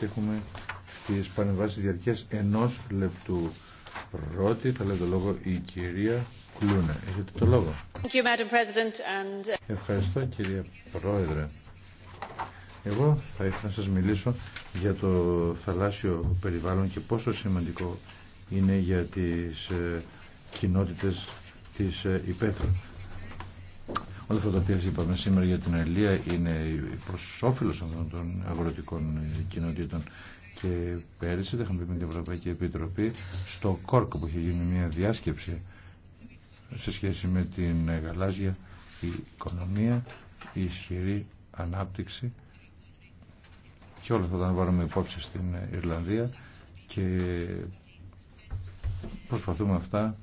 έχουμε τις παρεμβάσεις διαρκές ενός λεπτού. Πρώτη θα λέει το λόγο η κυρία Κλούνα. Έχετε το λόγο. Uh, Ευχαριστώ κυρία Πρόεδρε. Εγώ θα ήθελα να σας μιλήσω για το θαλάσσιο περιβάλλον και πόσο σημαντικό είναι για τις ε, κοινότητες της ε, υπαίθρου. Όλα αυτά τα οποία είπαμε σήμερα για την Αιλία είναι προ όφελο αυτών των αγροτικών κοινοτήτων. Και πέρυσι, δεν είχαμε πει με την Ευρωπαϊκή Επιτροπή, στο Κόρκο που είχε γίνει μια διάσκεψη σε σχέση με την γαλάζια η οικονομία, η ισχυρή ανάπτυξη και όλα αυτά τα βάλουμε υπόψη στην Ιρλανδία και προσπαθούμε αυτά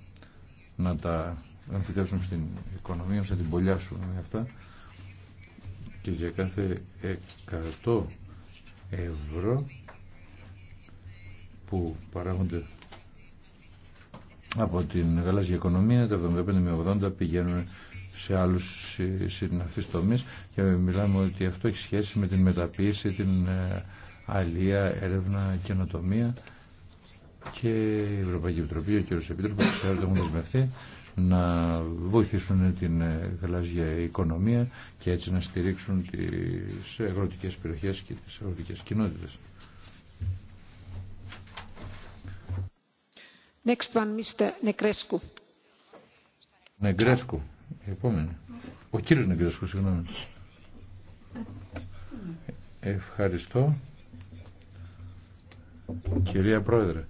να τα να φυτεύσουμε στην οικονομία σε να την πολλιάσουμε με αυτά και για κάθε 100 ευρώ που παράγονται από την γαλάζια οικονομία τα 75 με 80 πηγαίνουν σε άλλους συναφείς τομείς και μιλάμε ότι αυτό έχει σχέση με την μεταποίηση, την ε, αλία, έρευνα, καινοτομία και η Ευρωπαϊκή Επιτροπή, ο κ. Επίτροπος, ξέρω ότι έχουν δεσμευτεί να βοηθήσουν την ε, γαλάζια οικονομία και έτσι να στηρίξουν τις αγροτικές περιοχές και τις αγροτικές κοινότητες. Next one, Mr. Negrescu. επόμενη. Ο κύριος Νεγκρέσκου, συγγνώμη. Ευχαριστώ. Κυρία Πρόεδρε,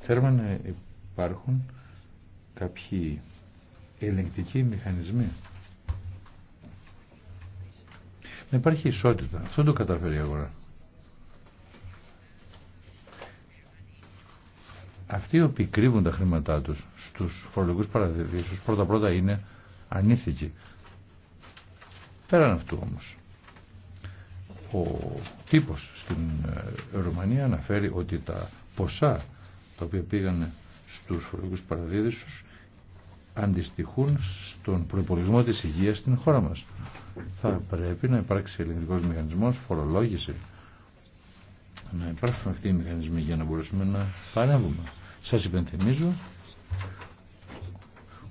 θέλουμε να υπάρχουν κάποιοι ελεγκτικοί μηχανισμοί. Να υπάρχει ισότητα. Αυτό το καταφέρει η αγορά. Αυτοί οι οποίοι κρύβουν τα χρήματά τους στους φορολογικούς παραδείσους πρώτα-πρώτα είναι ανήθικοι. Πέραν αυτού όμως. Ο τύπος στην ε, Ρουμανία αναφέρει ότι τα ποσά τα οποία πήγαν στους φορολογικούς παραδείσους αντιστοιχούν στον προπολογισμό της υγείας στην χώρα μας. Θα πρέπει να υπάρξει ελληνικός μηχανισμός, φορολόγηση, να υπάρξουν αυτοί οι μηχανισμοί για να μπορέσουμε να παρέμβουμε. Σας υπενθυμίζω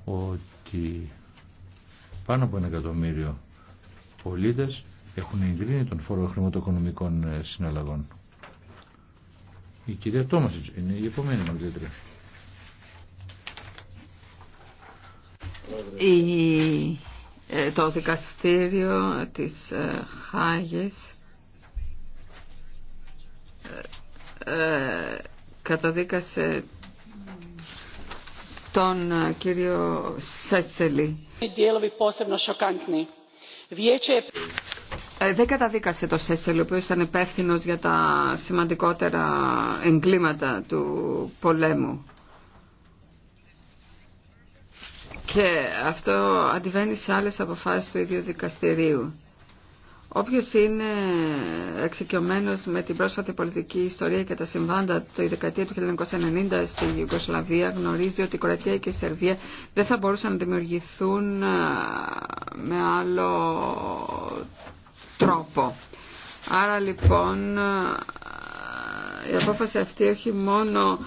ότι πάνω από ένα εκατομμύριο πολίτες έχουν εγκρίνει τον φόρο χρηματοοικονομικών συναλλαγών. Η κυρία είναι η επόμενη μαγκλήτρια. Ε, το δικαστήριο της ε, Χάγης ε, καταδίκασε τον κύριο Σέτσελη. Δεν καταδίκασε το Σέσελ, ο οποίος ήταν υπεύθυνο για τα σημαντικότερα εγκλήματα του πολέμου. και αυτό αντιβαίνει σε άλλες αποφάσεις του ίδιου δικαστηρίου. Όποιος είναι εξοικειωμένος με την πρόσφατη πολιτική ιστορία και τα συμβάντα τη δεκαετία του 1990 στη Ιουγκοσλαβία γνωρίζει ότι η Κροατία και η Σερβία δεν θα μπορούσαν να δημιουργηθούν με άλλο τρόπο. Άρα λοιπόν η απόφαση αυτή όχι μόνο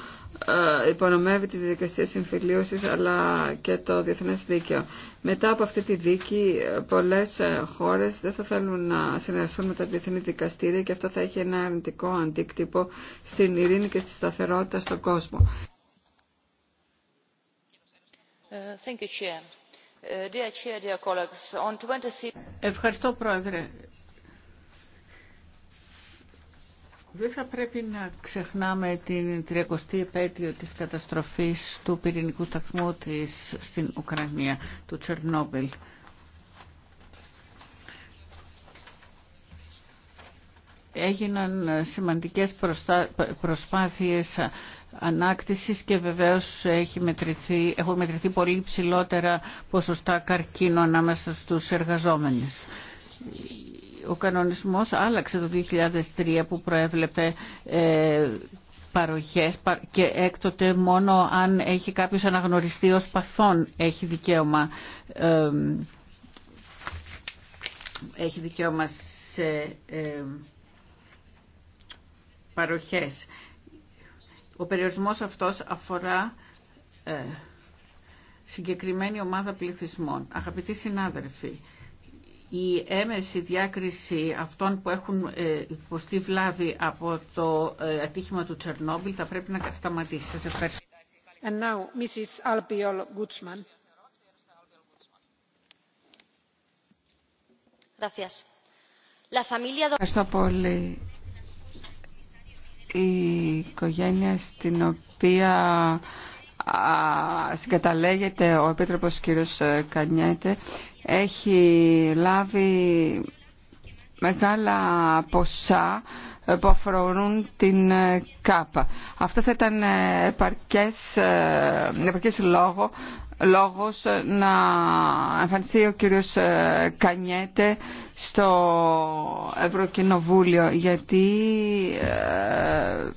ε, υπονομεύει τη διαδικασία συμφιλίωσης αλλά και το διεθνές δίκαιο. Μετά από αυτή τη δίκη πολλές ε, χώρες δεν θα θέλουν να συνεργαστούν με τα διεθνή δικαστήρια και αυτό θα έχει ένα αρνητικό αντίκτυπο στην ειρήνη και τη σταθερότητα στον κόσμο. Ε, Ευχαριστώ, Πρόεδρε. Δεν θα πρέπει να ξεχνάμε την 30η επέτειο της καταστροφής του πυρηνικού σταθμού της στην Ουκρανία, του Τσερνόμπιλ. Έγιναν σημαντικές προσπάθειες ανάκτησης και βεβαίως έχει μετρηθεί, έχουν μετρηθεί πολύ ψηλότερα ποσοστά καρκίνου ανάμεσα στους εργαζόμενους ο κανονισμός άλλαξε το 2003 που προέβλεπε ε, παροχές και έκτοτε μόνο αν έχει κάποιος αναγνωριστεί ως παθόν έχει δικαίωμα, έχει δικαίωμα σε παροχές. Ο περιορισμός αυτός αφορά ε, συγκεκριμένη ομάδα πληθυσμών. Αγαπητοί συνάδελφοι, η έμεση διάκριση αυτών που έχουν ε, υποστεί βλάβη από το ε, ατύχημα του Τσερνόμπιλ θα πρέπει να σταματήσει. Σας ευχαριστώ. And now, Mrs. Albiol Guzman. Ευχαριστώ πολύ. Η οικογένεια στην οποία συγκαταλέγεται ο Επίτροπος κ. Κανιέτε έχει λάβει μεγάλα ποσά που αφορούν την ΚΑΠΑ. Αυτό θα ήταν επαρκές, επαρκές λόγο, λόγος να εμφανιστεί ο κύριος Κανιέτε στο Ευρωκοινοβούλιο γιατί ε,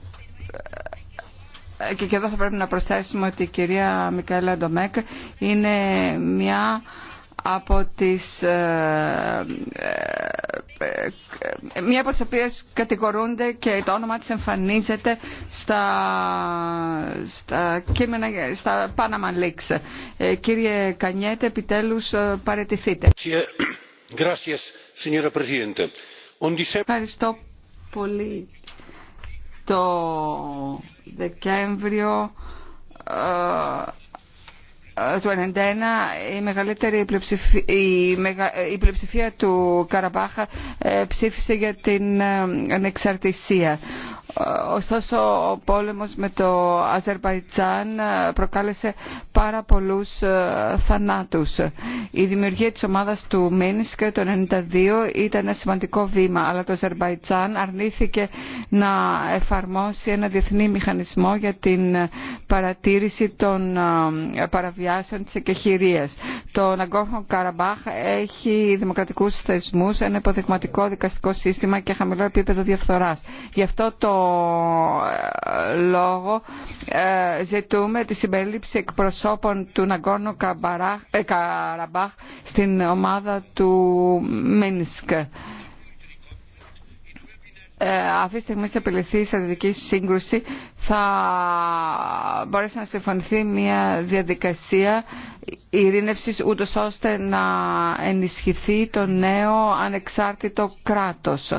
και, και εδώ θα πρέπει να προσθέσουμε ότι η κυρία Μικαέλα Ντομέκ είναι μια από τις ε, ε μία από τις οποίες κατηγορούνται και το όνομα της εμφανίζεται στα, στα κείμενα στα Panama Leaks. Ε, κύριε Κανιέτε, επιτέλους ε, παρετηθείτε. Ευχαριστώ πολύ το Δεκέμβριο ε, ε, του 1991 η μεγαλύτερη πλειοψηφία, του Καραμπάχα ε, ψήφισε για την ανεξαρτησία. Ωστόσο ο πόλεμος με το Αζερβαϊτζάν ε, προκάλεσε πάρα πολλούς ε, θανάτους. Η δημιουργία της ομάδας του Μίνσκ το 1992 ήταν ένα σημαντικό βήμα, αλλά το Αζερβαϊτζάν αρνήθηκε να εφαρμόσει ένα διεθνή μηχανισμό για την παρατήρηση των ε, παραβιάσεων της εκεχηρίας. Το Ναγκόφον Καραμπάχ έχει δημοκρατικούς θεσμούς, ένα υποδειγματικό δικαστικό σύστημα και χαμηλό επίπεδο διαφθοράς. Γι' αυτό το λόγο ε, ζητούμε τη συμπερίληψη εκπροσώπων του Ναγκόνο ε, Καραμπάχ στην ομάδα του Μίνσκ. Ε, αυτή τη στιγμή σε επιληθεί η στρατιωτική σύγκρουση θα μπορέσει να συμφωνηθεί μια διαδικασία ειρήνευσης ούτως ώστε να ενισχυθεί το νέο ανεξάρτητο κράτος.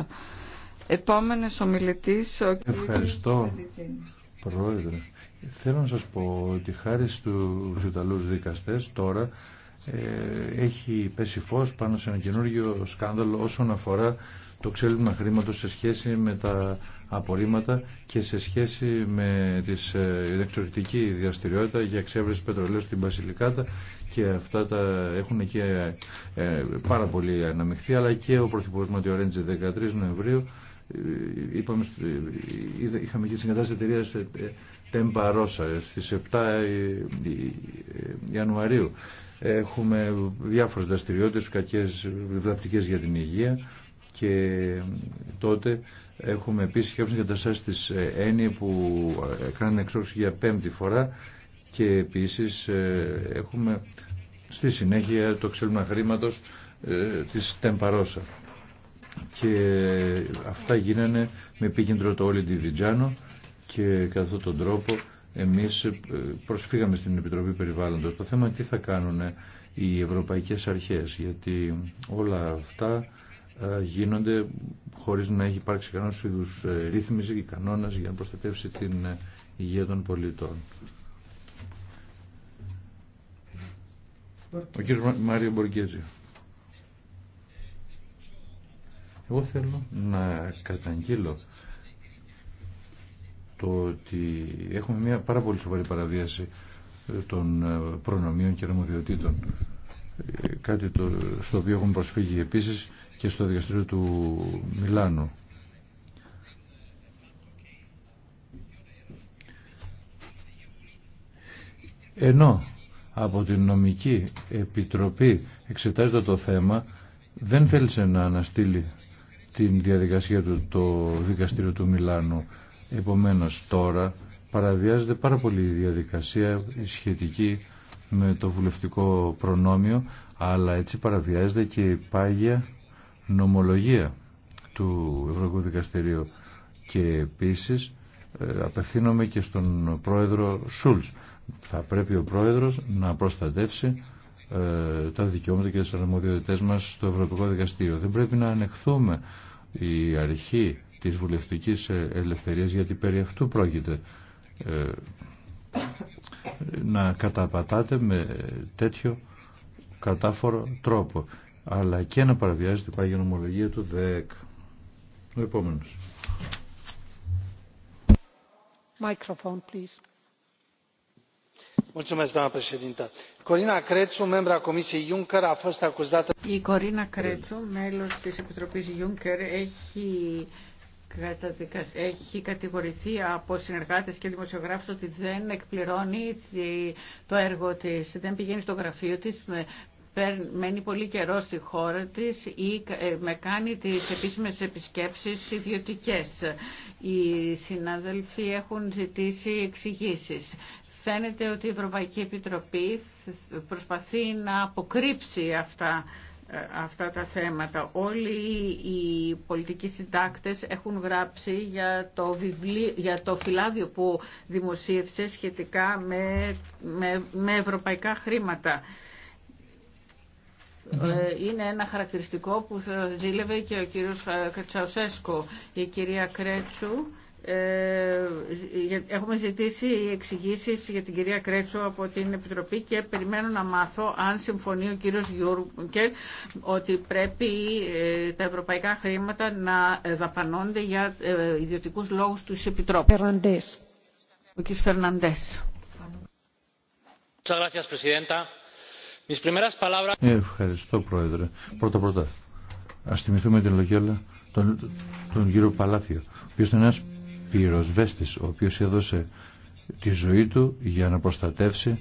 Επόμενος ομιλητής, ο κ. Ευχαριστώ, Πρόεδρε. Θέλω να σας πω ότι χάρη στους Ιταλούς δικαστές τώρα ε, έχει πέσει φως πάνω σε ένα καινούργιο σκάνδαλο όσον αφορά το ξέλιμα χρήματος σε σχέση με τα απορρίμματα και σε σχέση με τις, την ε, εξορρυκτική διαστηριότητα για εξέβρεση πετρελαίου στην Βασιλικάτα και αυτά τα έχουν και ε, πάρα πολύ αναμειχθεί αλλά και ο Πρωθυπουργός Ματιορέντζη 13 Νοεμβρίου ε, είπαμε, ε, είχαμε και συγκατάσταση εταιρεία ε, Τέμπα Ρώσα στις 7 Ιανουαρίου. Έχουμε διάφορες δραστηριότητε, κακές βιβλιοπτικέ για την υγεία και τότε έχουμε επίσης και καταστάσεις της ΕΝΗ που κάνουν εξόρυξη για πέμπτη φορά και επίσης έχουμε στη συνέχεια το ξέλμα χρήματο της Τεμπαρόσα και αυτά γίνανε με επίκεντρο το όλη τη Βιτζάνο και κατά αυτόν τον τρόπο εμείς ε, προσφύγαμε στην Επιτροπή Περιβάλλοντος. Το θέμα τι θα κάνουν οι ευρωπαϊκές αρχές γιατί όλα αυτά ε, γίνονται χωρίς να έχει υπάρξει κανένας είδους ε, ρύθμιση και κανόνας για να προστατεύσει την υγεία των πολιτών. Ο κύριος Μάριο Εγώ θέλω να καταγγείλω το ότι έχουμε μια πάρα πολύ σοβαρή παραβίαση των ε, προνομίων και αρμοδιοτήτων. Ε, κάτι το, στο οποίο έχουν προσφύγει επίσης και στο δικαστήριο του Μιλάνου. Ενώ από την νομική επιτροπή εξετάζεται το θέμα δεν θέλησε να αναστείλει την διαδικασία του το δικαστήριο του Μιλάνου. Επομένως τώρα παραβιάζεται πάρα πολύ η διαδικασία σχετική με το βουλευτικό προνόμιο αλλά έτσι παραβιάζεται και η πάγια νομολογία του Ευρωπαϊκού Δικαστηρίου και επίσης ε, απευθύνομαι και στον πρόεδρο Σούλς. Θα πρέπει ο πρόεδρος να προστατεύσει ε, τα δικαιώματα και τις αρμοδιότητές μας στο Ευρωπαϊκό Δικαστήριο. Δεν πρέπει να ανεχθούμε η αρχή της βουλευτικής ε, ελευθερίας γιατί περί αυτού πρόκειται ε, να καταπατάτε με τέτοιο κατάφορο τρόπο αλλά και να την πάγια νομολογία του ΔΕΚ. Ο επόμενος. Microphone, please doamnă președintă η κορίνα κρέτσου μέλος της επιτροπής juncker έχει κατηγορηθεί από συνεργάτες και δημοσιογράφους ότι δεν εκπληρώνει το έργο της, δεν πηγαίνει στο γραφείο της, μένει πολύ καιρό στη χώρα της ή με κάνει τις επίσημες επισκέψεις ιδιωτικές. Οι συνάδελφοι έχουν ζητήσει εξηγήσει φαίνεται ότι η Ευρωπαϊκή Επιτροπή προσπαθεί να αποκρύψει αυτά ε, αυτά τα θέματα. Όλοι οι πολιτικοί συντάκτες έχουν γράψει για το, βιβλίο, για το φυλάδιο που δημοσίευσε σχετικά με, με, ευρωπαϊκά χρήματα. Ε, είναι ένα χαρακτηριστικό που ζήλευε και ο κύριος ε, Κατσαουσέσκο. Η κυρία Κρέτσου ε, έχουμε ζητήσει εξηγήσει για την κυρία Κρέτσο από την Επιτροπή και περιμένω να μάθω αν συμφωνεί ο κύριος Γιούρκερ ότι πρέπει ε, τα ευρωπαϊκά χρήματα να ε, δαπανώνται για ιδιωτικού λόγους τους Επιτρόπου. Ο κυριος Φερναντέ. Φερναντές. Ευχαριστώ, Πρόεδρε. Πρώτα-πρώτα, Α θυμηθούμε την λογιόλα τον, τον κύριο Παλάθιο, ο πυροσβέστης ο οποίος έδωσε τη ζωή του για να προστατεύσει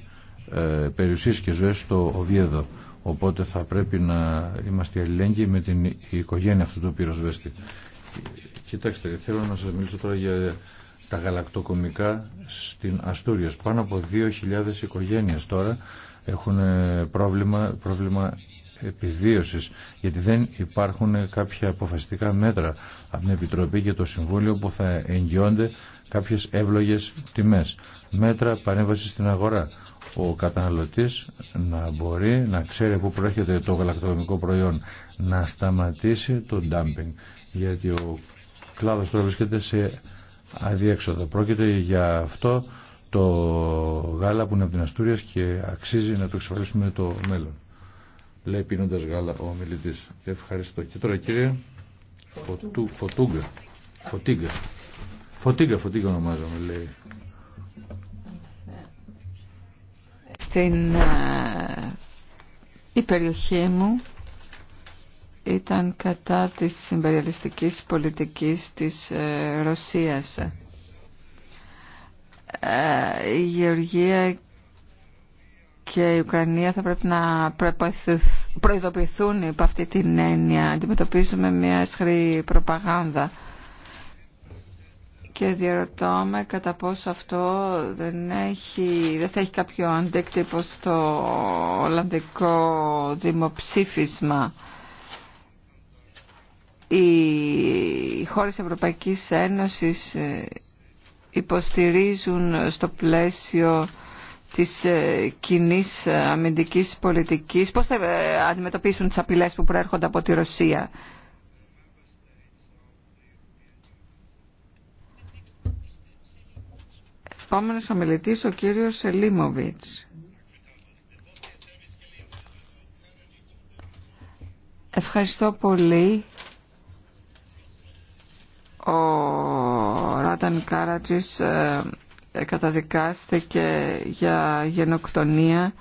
ε, περιουσίες και ζωές στο Οβιέδο. Οπότε θα πρέπει να είμαστε αλληλέγγυοι με την οικογένεια αυτού του πυροσβέστη. Κοιτάξτε, θέλω να σας μιλήσω τώρα για τα γαλακτοκομικά στην Αστούρια. Πάνω από 2.000 οικογένειες τώρα έχουν ε, πρόβλημα, πρόβλημα επιβίωσης γιατί δεν υπάρχουν κάποια αποφασιστικά μέτρα από την Επιτροπή και το Συμβούλιο που θα εγγυώνται κάποιες εύλογες τιμές. Μέτρα παρέμβαση στην αγορά. Ο καταναλωτής να μπορεί να ξέρει πού προέρχεται το γαλακτοκομικό προϊόν. Να σταματήσει το dumping. Γιατί ο κλάδος τώρα βρίσκεται σε αδιέξοδο. Πρόκειται για αυτό το γάλα που είναι από την Αστούρια και αξίζει να το εξασφαλίσουμε το μέλλον λέει πίνοντας γάλα ο ομιλητής. Ευχαριστώ. Και τώρα κύριε Φωτού, Φωτούγκα. Φωτίγκα. Φωτίγκα, Φωτίγκα ονομάζομαι λέει. Στην ε, η περιοχή μου ήταν κατά της συμπεριαλιστικής πολιτικής της ε, Ρωσίας. Ε, η Γεωργία και η Ουκρανία θα πρέπει να προποθεθούν προειδοποιηθούν υπ' αυτή την έννοια. Αντιμετωπίζουμε μια αισχρή προπαγάνδα. Και διαρωτώ κατά πόσο αυτό δεν, έχει, δεν θα έχει κάποιο αντίκτυπο στο Ολλανδικό δημοψήφισμα. Οι χώρες Ευρωπαϊκής Ένωσης ε, υποστηρίζουν στο πλαίσιο της ε, κοινή ε, αμυντικής πολιτικής, πώς θα ε, αντιμετωπίσουν τις απειλές που προέρχονται από τη Ρωσία. Επόμενος ομιλητής ο κύριος Σελίμοβιτς. Ευχαριστώ πολύ. Ο Ράταν Κάρατζης ε, καταδικάστηκε για γενοκτονία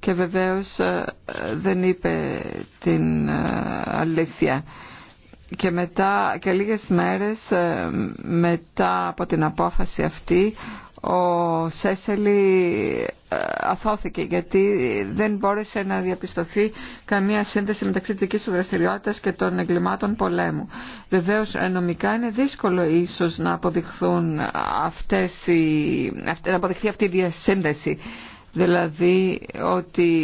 και βεβαίως ε, δεν είπε την ε, αλήθεια. Και, μετά, και λίγες μέρες μετά από την απόφαση αυτή ο Σέσελη ε, αθώθηκε γιατί δεν μπόρεσε να διαπιστωθεί καμία σύνδεση μεταξύ της δικής του δραστηριότητας και των εγκλημάτων πολέμου. Βεβαίως ε, νομικά είναι δύσκολο ίσως να, αποδειχθούν αυτές οι, να αποδειχθεί αυτή η διασύνδεση. Δηλαδή ότι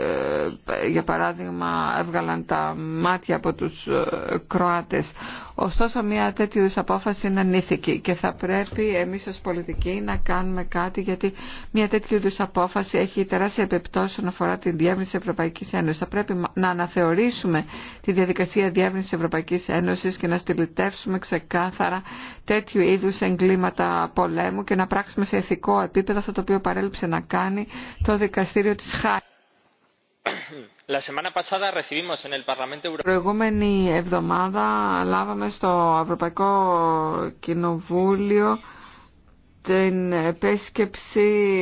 ε, για παράδειγμα έβγαλαν τα μάτια από τους ε, Κροάτες. Ωστόσο μια τέτοιου απόφαση είναι ανήθικη και θα πρέπει εμείς ως πολιτικοί να κάνουμε κάτι γιατί μια τέτοιου απόφαση έχει τεράστια επιπτώσει όσον αφορά την διεύρυνση της Ευρωπαϊκής Ένωσης. Θα πρέπει να αναθεωρήσουμε τη διαδικασία διεύρυνσης της Ευρωπαϊκής Ένωσης και να στυλιτεύσουμε ξεκάθαρα τέτοιου είδους εγκλήματα πολέμου και να πράξουμε σε ηθικό επίπεδο αυτό το οποίο παρέλειψε να κάνει το δικαστήριο της Χάη. Την προηγούμενη εβδομάδα λάβαμε στο Ευρωπαϊκό Κοινοβούλιο την επίσκεψη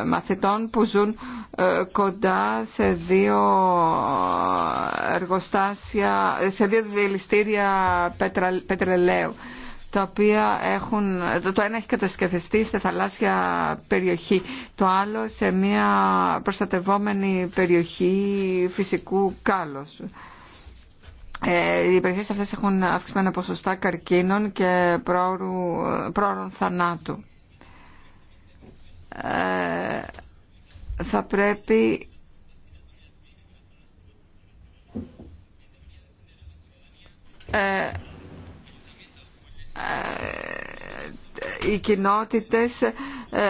ε, μαθητών που ζουν ε, κοντά σε δύο ε, εργοστάσια, σε δύο διελιστήρια πετρελαίου τα οποία έχουν, το ένα έχει κατασκευαστεί σε θαλάσσια περιοχή, το άλλο σε μια προστατευόμενη περιοχή φυσικού κάλους. Ε, οι περιοχές αυτές έχουν αυξημένα ποσοστά καρκίνων και πρόωρων θανάτου. Ε, θα πρέπει ε, οι κοινότητες ε,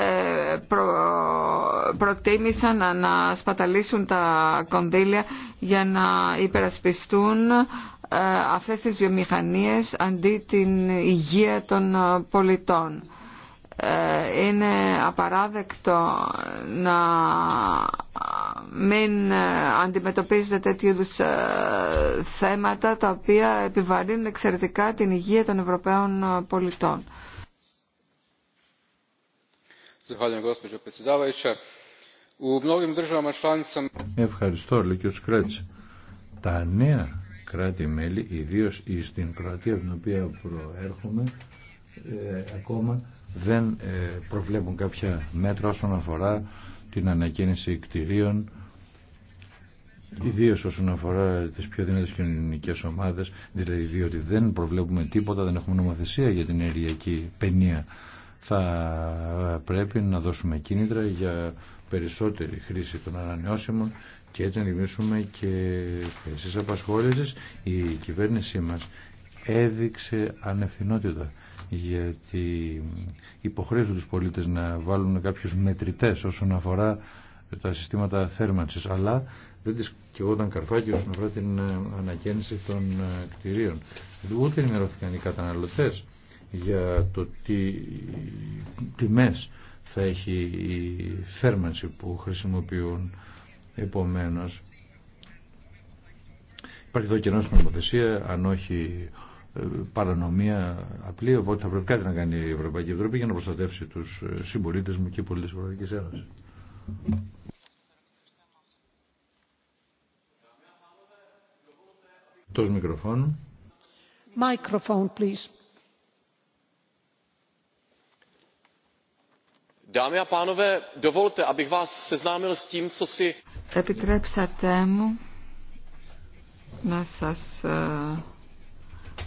προτίμησαν να σπαταλήσουν τα κονδύλια για να υπερασπιστούν ε, αυτές τις βιομηχανίες αντί την υγεία των πολιτών. Ε, είναι απαράδεκτο να μην αντιμετωπίζετε τέτοιου είδου θέματα τα οποία επιβαρύνουν εξαιρετικά την υγεία των Ευρωπαίων πολιτών. Ευχαριστώ, Λίκιο Σκρέτς. Τα νέα κράτη-μέλη, ιδίως στην Κροατία, από την οποία προέρχομαι, ε, ακόμα δεν ε, προβλέπουν κάποια μέτρα όσον αφορά την ανακαίνιση κτηρίων, Ιδίω όσον αφορά τι πιο δυνατέ κοινωνικέ ομάδε, δηλαδή διότι δεν προβλέπουμε τίποτα, δεν έχουμε νομοθεσία για την ενεργειακή παινία θα ε, πρέπει να δώσουμε κίνητρα για περισσότερη χρήση των ανανεώσιμων και έτσι να δημιουργήσουμε και θέσεις απασχόλησης. Η κυβέρνησή μας έδειξε ανευθυνότητα γιατί υποχρέωσε τους πολίτες να βάλουν κάποιους μετρητές όσον αφορά τα συστήματα θέρμανσης αλλά δεν τις και όταν καρφάκι όσον αφορά την ε, ανακαίνιση των ε, κτηρίων ούτε ενημερώθηκαν οι καταναλωτές για το τι τιμές θα έχει η θέρμανση που χρησιμοποιούν επομένως. Υπάρχει εδώ και νομοθεσία, αν όχι ε, παρανομία απλή, οπότε θα πρέπει κάτι να κάνει η Ευρωπαϊκή Ευρώπη για να προστατεύσει τους ε, συμπολίτε μου και πολίτες της Ευρωπαϊκής Ένωσης. Microphone, please. Επιτρέψατε μου να σας ε,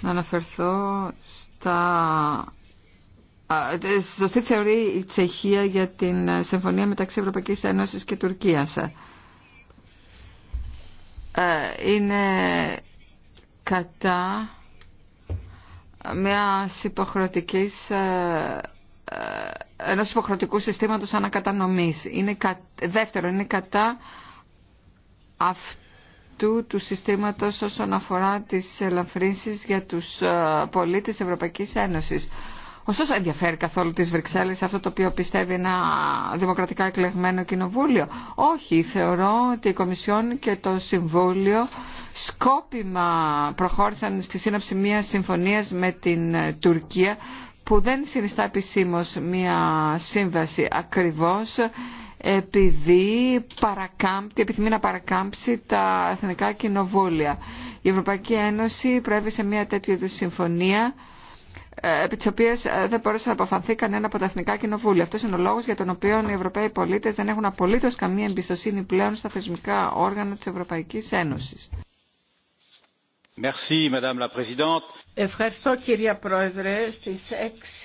να αναφερθώ στα ε, σωστή θεωρεί η Τσεχία για την ε, συμφωνία μεταξύ Ευρωπαϊκής Ένωσης και Τουρκίας. Είναι κατά μια υποχρεωτικής ενός υποχρεωτικού συστήματος ανακατανομής. Είναι Δεύτερο, είναι κατά αυτού του συστήματος όσον αφορά τις ελαφρύνσεις για τους ε, πολίτες Ευρωπαϊκής Ένωσης. Ωστόσο ενδιαφέρει καθόλου τις Βρυξέλλες αυτό το οποίο πιστεύει ένα δημοκρατικά εκλεγμένο κοινοβούλιο. Όχι, θεωρώ ότι η Κομισιόν και το Συμβούλιο σκόπιμα προχώρησαν στη σύναψη μιας συμφωνίας με την ε, Τουρκία που δεν συνιστά επισήμω μια σύμβαση ακριβώς επειδή παρακάμπτει, επιθυμεί να παρακάμψει τα εθνικά κοινοβούλια. Η Ευρωπαϊκή Ένωση προέβησε μια τέτοιου είδους συμφωνία ε, επί της οποίας ε, δεν μπορούσε να αποφανθεί κανένα από τα εθνικά κοινοβούλια. Αυτό είναι ο λόγος για τον οποίο οι Ευρωπαίοι πολίτες δεν έχουν απολύτω καμία εμπιστοσύνη πλέον στα θεσμικά όργανα τη Ευρωπαϊκή Ένωση. Ευχαριστώ κυρία Πρόεδρε. Στις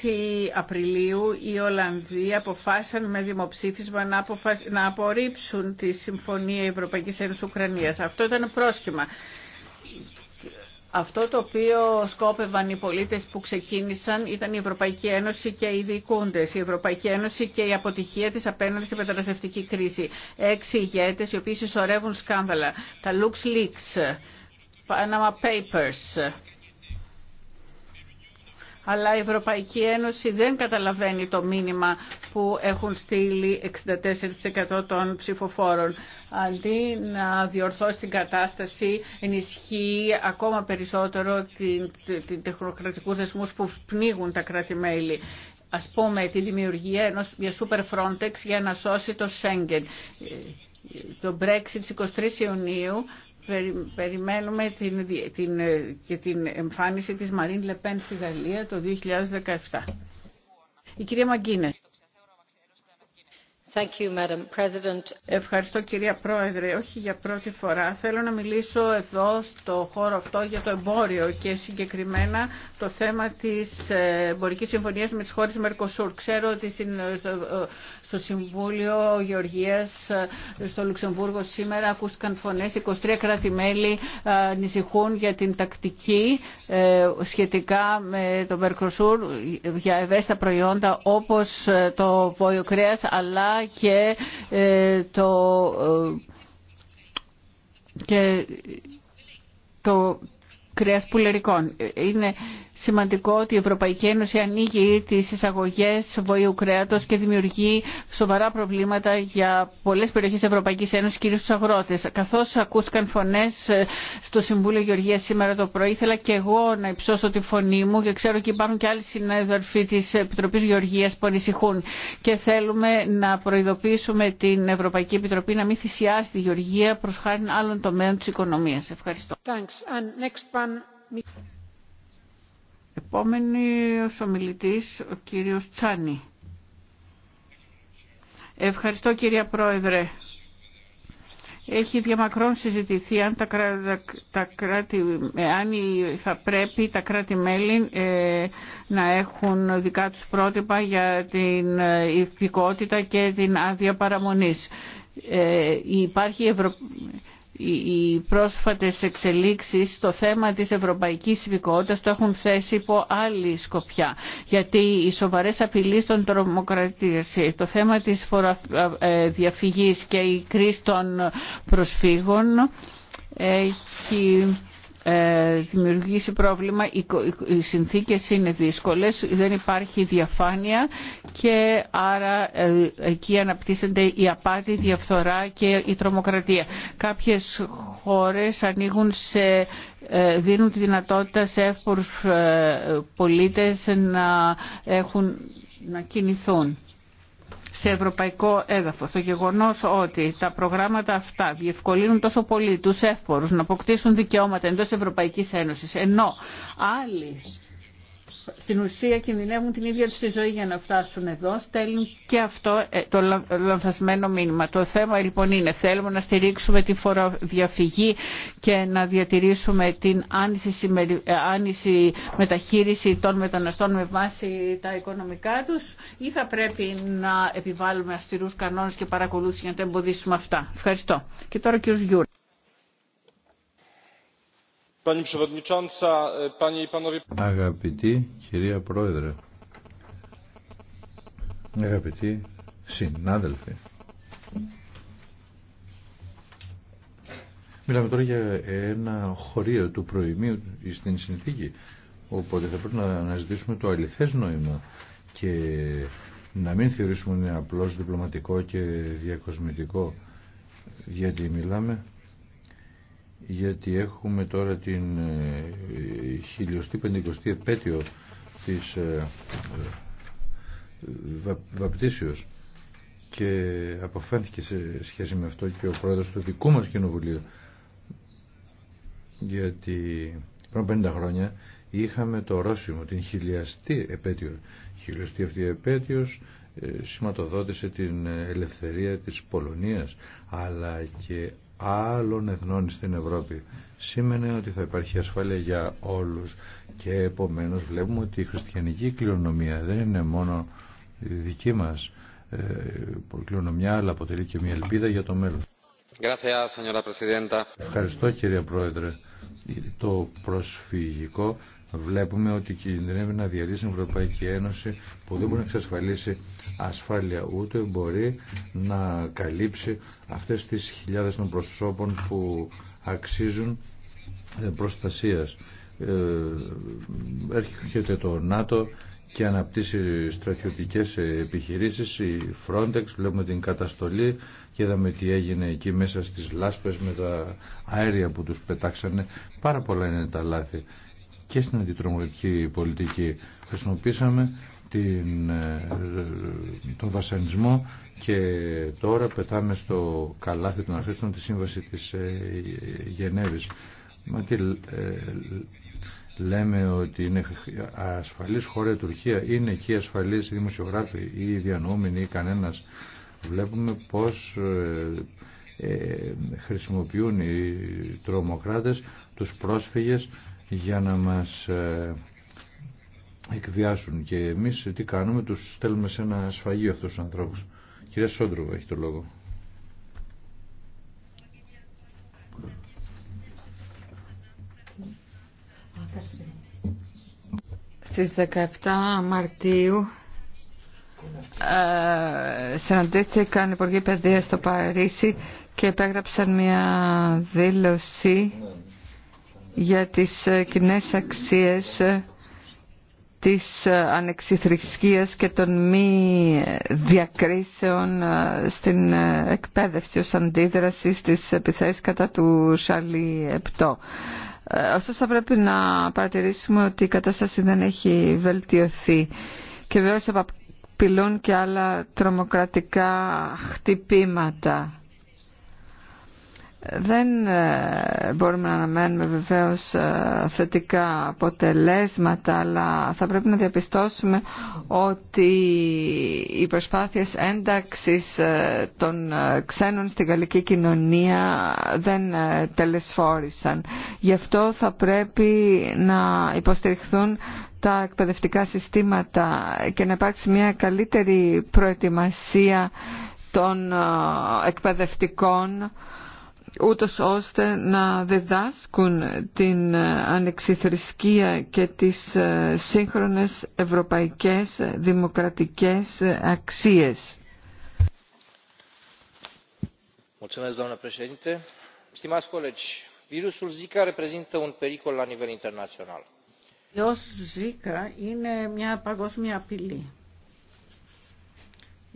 6 Απριλίου οι Ολλανδοί αποφάσισαν με δημοψήφισμα να, να απορρίψουν τη Συμφωνία Ευρωπαϊκής Ένωσης Ουκρανίας. Αυτό ήταν πρόσχημα. Αυτό το οποίο σκόπευαν οι πολίτες που ξεκίνησαν ήταν η Ευρωπαϊκή Ένωση και οι διοικούντες, η Ευρωπαϊκή Ένωση και η αποτυχία της απέναντι στην μεταναστευτική κρίση. Έξι ηγέτες οι οποίοι συσσωρεύουν σκάνδαλα. Τα LuxLeaks, Panama Papers. Αλλά η Ευρωπαϊκή Ένωση δεν καταλαβαίνει το μήνυμα που έχουν στείλει 64% των ψηφοφόρων. Αντί να διορθώσει την κατάσταση, ενισχύει ακόμα περισσότερο την τεχνοκρατικού δεσμού που πνίγουν τα κράτη-μέλη ας πούμε, τη δημιουργία ενός, μια Super Frontex για να σώσει το Schengen. Το Brexit 23 Ιουνίου περιμένουμε την, την, και την εμφάνιση της Μαρίν Λεπέν στη Γαλλία το 2017. Η κυρία Μαγκίνε. Ευχαριστώ κυρία Πρόεδρε. Όχι για πρώτη φορά. Θέλω να μιλήσω εδώ στο χώρο αυτό για το εμπόριο και συγκεκριμένα το θέμα της ε, εμπορικής συμφωνίας με τις χώρες Μερκοσούρ. Ξέρω ότι στο Συμβούλιο Γεωργίας ε, στο Λουξεμβούργο σήμερα ακούστηκαν φωνές. 23 κράτη-μέλη ε, ανησυχούν για την τακτική σχετικά με το Μερκοσούρ για ευαίσθητα προϊόντα όπως το βόλιο κρέας αλλά και ε, το ε, και το κρέας πουλερικών. Ε, είναι σημαντικό ότι η Ευρωπαϊκή Ένωση ανοίγει τις εισαγωγές βοήου κρέατος και δημιουργεί σοβαρά προβλήματα για πολλές περιοχές της Ευρωπαϊκής Ένωσης, κυρίως τους αγρότες. Καθώς ακούστηκαν φωνές ε, στο Συμβούλιο Γεωργίας σήμερα το πρωί, ήθελα και εγώ να υψώσω τη φωνή μου και ξέρω ότι υπάρχουν και άλλοι συνέδελφοι της Επιτροπής Γεωργίας που ανησυχούν και θέλουμε να προειδοποιήσουμε την Ευρωπαϊκή Επιτροπή να μην θυσιάσει τη Γεωργία προς χάρη άλλων τομέων της οικονομίας. Ευχαριστώ. Thanks. And next one... Επόμενος ομιλητής, ο κύριος Τσάνι. Ευχαριστώ κυρία Πρόεδρε. Έχει διαμακρόν συζητηθεί αν, τα, κράτη, ε, αν θα πρέπει τα κράτη-μέλη ε, να έχουν δικά τους πρότυπα για την υπηκότητα ε, και την άδεια παραμονής. υπάρχει Ευρω οι πρόσφατες εξελίξεις στο θέμα της ευρωπαϊκής υπηκότητας το έχουν θέσει υπό άλλη σκοπιά. Γιατί οι σοβαρές απειλές των τρομοκρατίας, το θέμα της ε, διαφυγής και η κρίση των προσφύγων έχει ε, δημιουργήσει πρόβλημα. Οι συνθήκες είναι δύσκολες, δεν υπάρχει διαφάνεια και άρα ε, εκεί αναπτύσσονται η απάτη, η διαφθορά και η τρομοκρατία. Κάποιες χώρες ανοίγουν σε ε, δίνουν τη δυνατότητα σε εύπορους πολίτες να, έχουν, να κινηθούν σε ευρωπαϊκό έδαφος. Το γεγονός ότι τα προγράμματα αυτά διευκολύνουν τόσο πολύ τους εύπορους να αποκτήσουν δικαιώματα εντός Ευρωπαϊκής Ένωσης, ενώ άλλοι στην ουσία κινδυνεύουν την ίδια τους τη ζωή για να φτάσουν εδώ, στέλνουν και αυτό ε, το λανθασμένο μήνυμα. Το θέμα λοιπόν είναι θέλουμε να στηρίξουμε τη φοροδιαφυγή και να διατηρήσουμε την ε, άνηση, μεταχείριση των μεταναστών με βάση τα οικονομικά τους ή θα πρέπει να επιβάλλουμε αυστηρούς κανόνες και παρακολούθηση για να τα εμποδίσουμε αυτά. Ευχαριστώ. Και τώρα ο κ. E, Αγαπητή κυρία Πρόεδρε, αγαπητοί συνάδελφοι, μιλάμε τώρα για ένα χωρίο του προημίου στην συνθήκη, οπότε θα πρέπει να αναζητήσουμε το αληθές νόημα και να μην θεωρήσουμε είναι απλώς διπλωματικό και διακοσμητικό, γιατί μιλάμε γιατί έχουμε τώρα την ε, χιλιοστή πεντηκοστή επέτειο της ε, ε, βαπτίσεως και αποφάνθηκε σε σχέση με αυτό και ο πρόεδρος του δικού μας κοινοβουλίου γιατί πριν 50 χρόνια είχαμε το ορόσημο, την χιλιαστή επέτειο. Η αυτή επέτειος σηματοδότησε την ελευθερία της Πολωνίας αλλά και άλλων εθνών στην Ευρώπη. Σήμαινε ότι θα υπάρχει ασφάλεια για όλους και επομένως βλέπουμε ότι η χριστιανική κληρονομία δεν είναι μόνο δική μας ε, κληρονομιά αλλά αποτελεί και μια ελπίδα για το μέλλον. Ευχαριστώ κύριε Πρόεδρε. Το προσφυγικό βλέπουμε ότι κινδυνεύει να διαλύσει η Ευρωπαϊκή Ένωση που δεν μπορεί να εξασφαλίσει ασφάλεια ούτε μπορεί να καλύψει αυτές τις χιλιάδες των προσώπων που αξίζουν ε, προστασίας. Ε, έρχεται το ΝΑΤΟ και αναπτύσσει στρατιωτικές επιχειρήσεις, η Frontex, βλέπουμε την καταστολή και είδαμε τι έγινε εκεί μέσα στις λάσπες με τα αέρια που τους πετάξανε. Πάρα πολλά είναι τα λάθη και στην αντιτρομοκρατική πολιτική. Χρησιμοποίησαμε την, ε, τον βασανισμό και τώρα πετάμε στο καλάθι των αρχίστων τη σύμβαση της ε, Γενέβης. Μα ε, λέμε ότι είναι ασφαλής χώρα η Τουρκία, είναι εκεί ασφαλής η δημοσιογράφοι ή οι διανοούμενοι ή κανένας. Βλέπουμε πως χρησιμοποιούν οι τρομοκράτες τους πρόσφυγες για να μας ε, εκβιάσουν και εμείς ε, τι κάνουμε, τους στέλνουμε σε ένα σφαγείο αυτούς τους ανθρώπους. Κυρία Σόντρου έχει το λόγο. Στις 17 Μαρτίου ε, συναντήθηκαν οι Υπουργοί Παιδείας στο Παρίσι και υπέγραψαν μια δήλωση για τις ε, κοινέ αξίες ε, της ε, ανεξιθρησκείας και των μη διακρίσεων στην εκπαίδευση ως αντίδραση στις επιθέσεις κατά του Σαλή Επτό. Ωστόσο θα πρέπει να παρατηρήσουμε ότι η κατάσταση δεν έχει βελτιωθεί και βέβαια απειλούν και άλλα τρομοκρατικά χτυπήματα. Δεν ε, μπορούμε να αναμένουμε βεβαίως ε, θετικά αποτελέσματα, αλλά θα πρέπει να διαπιστώσουμε ότι οι προσπάθειες ένταξης ε, των ξένων στην γαλλική κοινωνία δεν τελεσφόρησαν. Γι' αυτό θα πρέπει να υποστηριχθούν τα εκπαιδευτικά συστήματα και να υπάρξει μια καλύτερη προετοιμασία των εκπαιδευτικών ούτως ώστε να διδάσκουν την ε, ανεξιθρησκεία και τις ε, σύγχρονες ευρωπαϊκές ε, δημοκρατικές αξίες. Ζίκα είναι μια παγκόσμια απειλή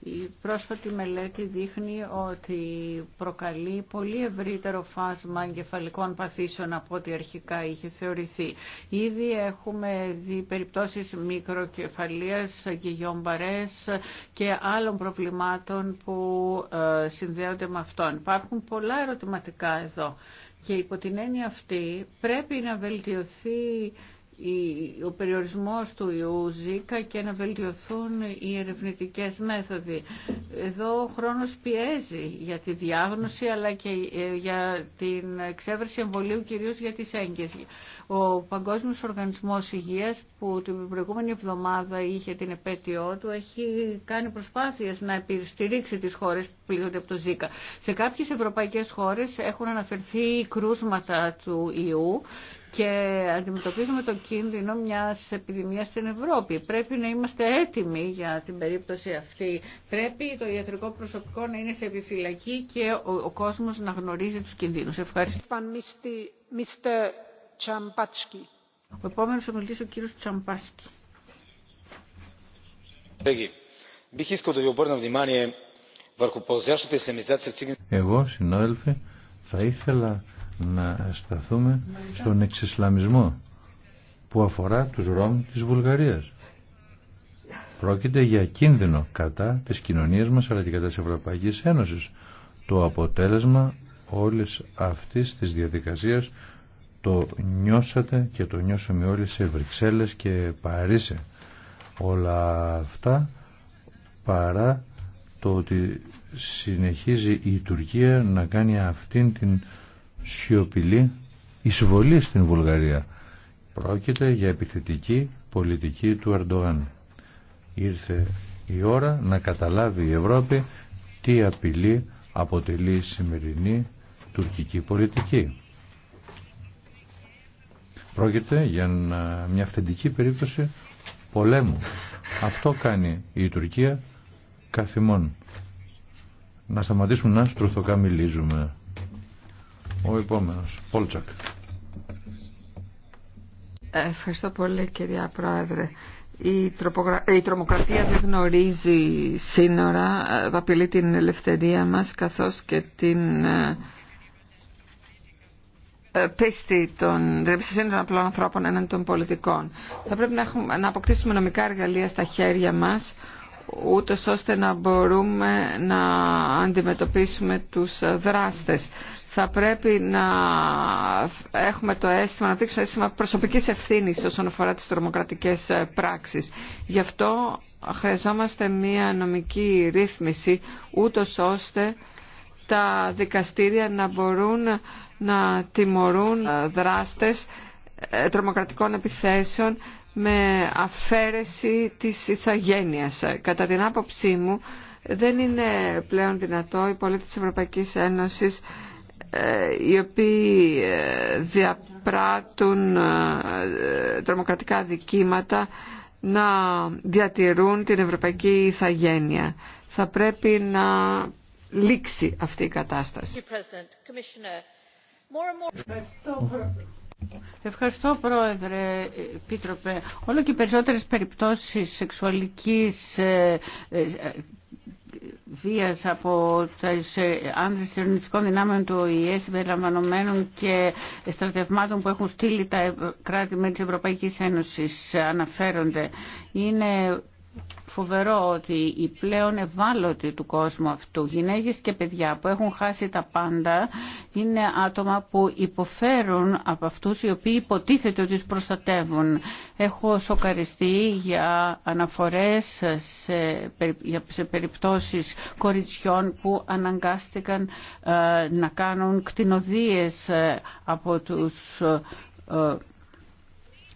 η πρόσφατη μελέτη δείχνει ότι προκαλεί πολύ ευρύτερο φάσμα εγκεφαλικών παθήσεων από ό,τι αρχικά είχε θεωρηθεί. Ήδη έχουμε δει περιπτώσεις μικροκεφαλίας, γιγιομπαρές και άλλων προβλημάτων που ε, συνδέονται με αυτόν. Υπάρχουν πολλά ερωτηματικά εδώ και υπό την έννοια αυτή πρέπει να βελτιωθεί ο περιορισμός του ιού Ζήκα και να βελτιωθούν οι ερευνητικές μέθοδοι. Εδώ ο χρόνος πιέζει για τη διάγνωση αλλά και ε, για την εξέβρεση εμβολίου κυρίως για τις έγκες. Ο Παγκόσμιος Οργανισμός Υγείας που την προηγούμενη εβδομάδα είχε την επέτειό του έχει κάνει προσπάθειες να επιστηρίξει τις χώρες που πλήγονται από το Ζήκα. Σε κάποιες ευρωπαϊκές χώρες έχουν αναφερθεί κρούσματα του ιού και αντιμετωπίζουμε το κίνδυνο μιας επιδημίας στην Ευρώπη. Πρέπει να είμαστε έτοιμοι για την περίπτωση αυτή. Πρέπει το ιατρικό προσωπικό να είναι σε επιφυλακή και ο, ο κόσμος να γνωρίζει τους κινδύνους. Ευχαριστώ. Ο επόμενος ομιλητής ο κύριος Τσαμπάσκι. Εγώ, συνάδελφε, θα ήθελα να σταθούμε στον εξισλαμισμό που αφορά τους Ρώμ της Βουλγαρίας. Πρόκειται για κίνδυνο κατά της κοινωνίας μας αλλά και κατά της Ευρωπαϊκής Ένωσης. Το αποτέλεσμα όλες αυτής της διαδικασίας το νιώσατε και το νιώσαμε όλοι σε Βρυξέλλες και Παρίσι. Όλα αυτά παρά το ότι συνεχίζει η Τουρκία να κάνει αυτήν την σιωπηλή εισβολή στην Βουλγαρία. Πρόκειται για επιθετική πολιτική του Ερντογάν. Ήρθε η ώρα να καταλάβει η Ευρώπη τι απειλή αποτελεί η σημερινή τουρκική πολιτική. Πρόκειται για μια αυθεντική περίπτωση πολέμου. Αυτό κάνει η Τουρκία καθημών. Να σταματήσουμε να στρουθοκαμιλίζουμε. Ο επόμενος, Πολτσακ. Ευχαριστώ πολύ κυρία Πρόεδρε. Η, τροπογρα... τρομοκρατία δεν γνωρίζει σύνορα, απειλεί την ελευθερία μας καθώς και την ε, ε, πίστη των σύνορα απλών ανθρώπων έναν των πολιτικών. Θα πρέπει να, έχουμε... να αποκτήσουμε νομικά εργαλεία στα χέρια μας ούτω ώστε να μπορούμε να αντιμετωπίσουμε τους δράστες. Θα πρέπει να έχουμε το αίσθημα, να δείξουμε αίσθημα προσωπικής ευθύνης όσον αφορά τις τρομοκρατικές πράξεις. Γι' αυτό χρειαζόμαστε μία νομική ρύθμιση ούτω ώστε τα δικαστήρια να μπορούν να τιμωρούν δράστες ε, τρομοκρατικών επιθέσεων με αφαίρεση της ηθαγένειας. Κατά την άποψή μου δεν είναι πλέον δυνατό οι πολίτες της Ευρωπαϊκής Ένωσης ε, οι οποίοι ε, διαπράττουν ε, τρομοκρατικά δικήματα να διατηρούν την ευρωπαϊκή ηθαγένεια. Θα πρέπει να λήξει αυτή η κατάσταση. Ευχαριστώ Πρόεδρε Πίτροπε. Όλο και περισσότερες περιπτώσεις σεξουαλικής ε, ε, βίας από τα ε, άνδρες της ελληνικών δυνάμεων του ΟΗΕ συμπεριλαμβανομένων και στρατευμάτων που έχουν στείλει τα κράτη με της Ευρωπαϊκής Ένωσης αναφέρονται. Είναι φοβερό ότι οι πλέον ευάλωτοι του κόσμου αυτού, γυναίκες και παιδιά που έχουν χάσει τα πάντα, είναι άτομα που υποφέρουν από αυτούς οι οποίοι υποτίθεται ότι τους προστατεύουν. Έχω σοκαριστεί για αναφορές σε, σε περιπτώσεις κοριτσιών που αναγκάστηκαν ε, να κάνουν κτηνοδίες ε, από τους ε,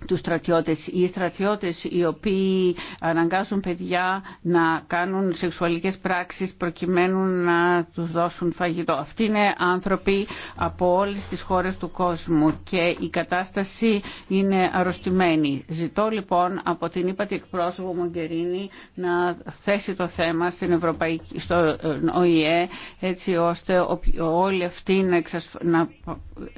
τους στρατιώτες. Οι στρατιώτες οι οποίοι αναγκάζουν παιδιά να κάνουν σεξουαλικές πράξεις προκειμένου να τους δώσουν φαγητό. Αυτοί είναι άνθρωποι από όλες τις χώρες του κόσμου και η κατάσταση είναι αρρωστημένη. Ζητώ λοιπόν από την ύπατη εκπρόσωπο Μογκερίνη να θέσει το θέμα στην Ευρωπαϊκή, στο ε, ΟΗΕ έτσι ώστε όλοι αυτοί να, να...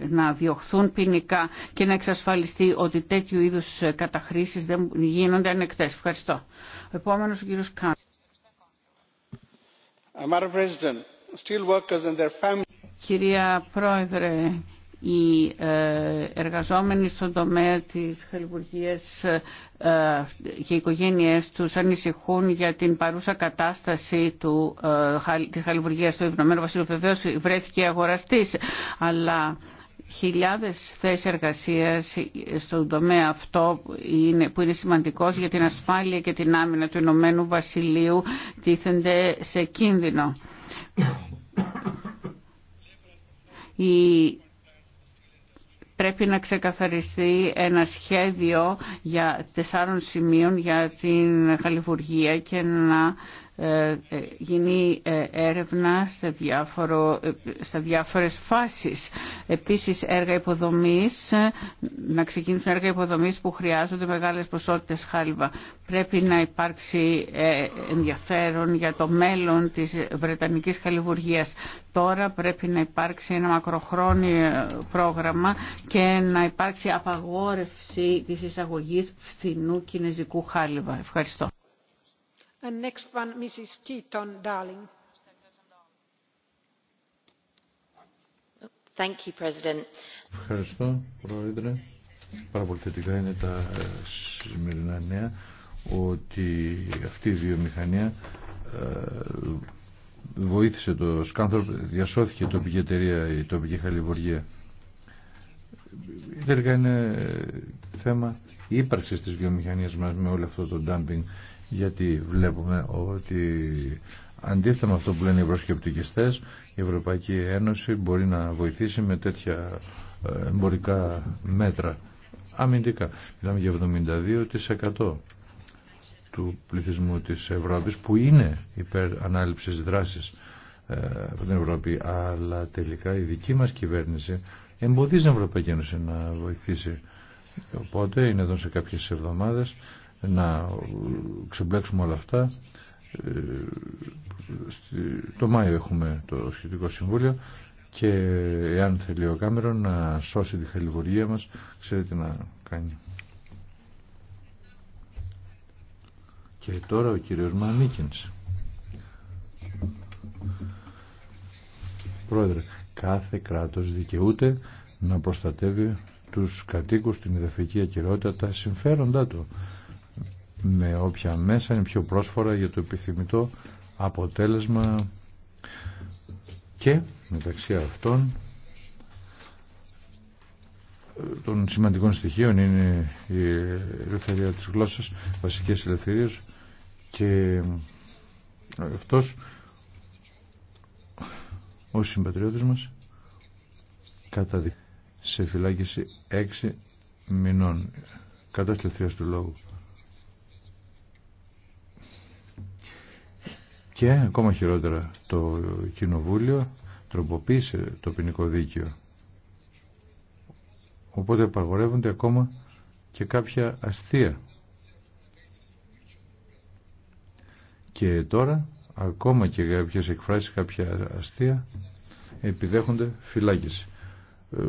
να διωχθούν ποινικά και να εξασφαλιστεί ότι τέτοιου τέτοιου είδου ε, καταχρήσει δεν γίνονται ανεκτέ. Ευχαριστώ. Ο επόμενος ο κύριο uh, Κυρία Πρόεδρε, οι ε, εργαζόμενοι στον τομέα της χαλιβουργίας ε, και οι οικογένειές τους ανησυχούν για την παρούσα κατάσταση του, της χαλιβουργίας του Ηνωμένου Βασίλου. Βεβαίως βρέθηκε αγοραστής, αλλά χιλιάδες θέσεις εργασίας στον τομέα αυτό που είναι σημαντικός για την ασφάλεια και την άμυνα του Ηνωμένου Βασιλείου τίθενται σε κίνδυνο. Η πρέπει να ξεκαθαριστεί ένα σχέδιο για τεσσάρων σημείων για την Χαλιβουργία και να ε, ε, γίνει ε, έρευνα σε διάφορο, στα διάφορες φάσεις. Επίσης έργα υποδομής, να ξεκινήσουν έργα υποδομής που χρειάζονται μεγάλες ποσότητες χάλιβα. Πρέπει να υπάρξει ενδιαφέρον για το μέλλον της Βρετανικής χαλιβουργίας. Τώρα πρέπει να υπάρξει ένα μακροχρόνιο πρόγραμμα και να υπάρξει απαγόρευση της εισαγωγής φθηνού κινέζικου χάλιβα. Ευχαριστώ. Ευχαριστώ, Πρόεδρε. Πάρα πολύ θετικά είναι τα ε, σημερινά νέα ότι αυτή η βιομηχανία ε, βοήθησε το Σκάνθρωπ διασώθηκε η τοπική εταιρεία, η τοπική χαλιβουργία. Τελικά είναι ε, θέμα ύπαρξης της βιομηχανίας μας με όλο αυτό το dumping γιατί βλέπουμε ότι αντίθετα με αυτό που λένε οι ευρωσκεπτικιστές η Ευρωπαϊκή Ένωση μπορεί να βοηθήσει με τέτοια ε, εμπορικά μέτρα αμυντικά. Μιλάμε για 72% του πληθυσμού της Ευρώπης που είναι υπέρ ανάληψης δράσης ε, από την Ευρώπη αλλά τελικά η δική μας κυβέρνηση εμποδίζει την Ευρωπαϊκή Ένωση να βοηθήσει οπότε είναι εδώ σε κάποιες εβδομάδες να ξεμπλέξουμε όλα αυτά. Ε, το Μάιο έχουμε το σχετικό συμβούλιο και εάν θέλει ο Κάμερο να σώσει τη χαλιβουργία μας, ξέρετε να κάνει. Και τώρα ο κύριος Μανίκινς. Πρόεδρε, κάθε κράτος δικαιούται να προστατεύει τους κατοίκους την ιδεφική ακυρότητα, τα συμφέροντά του με όποια μέσα είναι πιο πρόσφορα για το επιθυμητό αποτέλεσμα και μεταξύ αυτών των σημαντικών στοιχείων είναι η ελευθερία της γλώσσας, βασικές ελευθερίες και αυτός ο συμπατριώτης μας κατά σε φυλάκιση έξι μηνών κατά της του λόγου. Και ακόμα χειρότερα το Κοινοβούλιο τροποποίησε το ποινικό δίκαιο. Οπότε απαγορεύονται ακόμα και κάποια αστεία. Και τώρα ακόμα και κάποιες εκφράσεις, κάποια αστεία επιδέχονται φυλάκιση. Ε,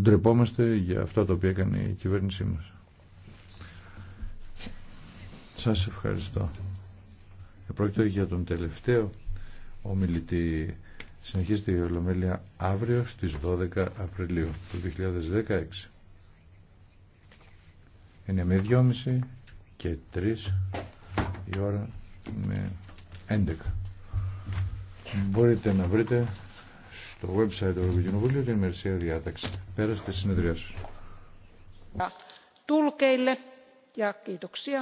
ντρεπόμαστε για αυτά τα οποία έκανε η κυβέρνησή μας. Σας ευχαριστώ. Πρόκειται για τον τελευταίο ομιλητή. Συνεχίζεται η Ολομέλεια αύριο στις 12 Απριλίου του 2016. Είναι με 2.30 και 3 η ώρα με 11. Μπορείτε να βρείτε στο website του Ευρωκοινοβουλίου την ημερησία διάταξη. Πέρα στη συνεδρία σας. Τουλκέιλε. Ja,